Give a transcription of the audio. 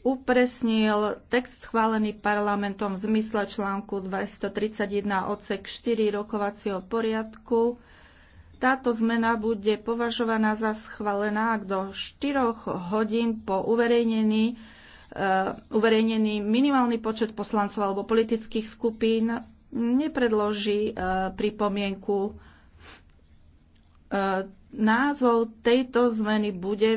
upresnil text schválený parlamentom v zmysle článku 231 odsek 4 rokovacieho poriadku. Táto zmena bude považovaná za schválená, ak do 4 hodín po uverejnení eh, uverejnený minimálny počet poslancov alebo politických skupín nepredloží eh, pripomienku. Eh, názov tejto zmeny bude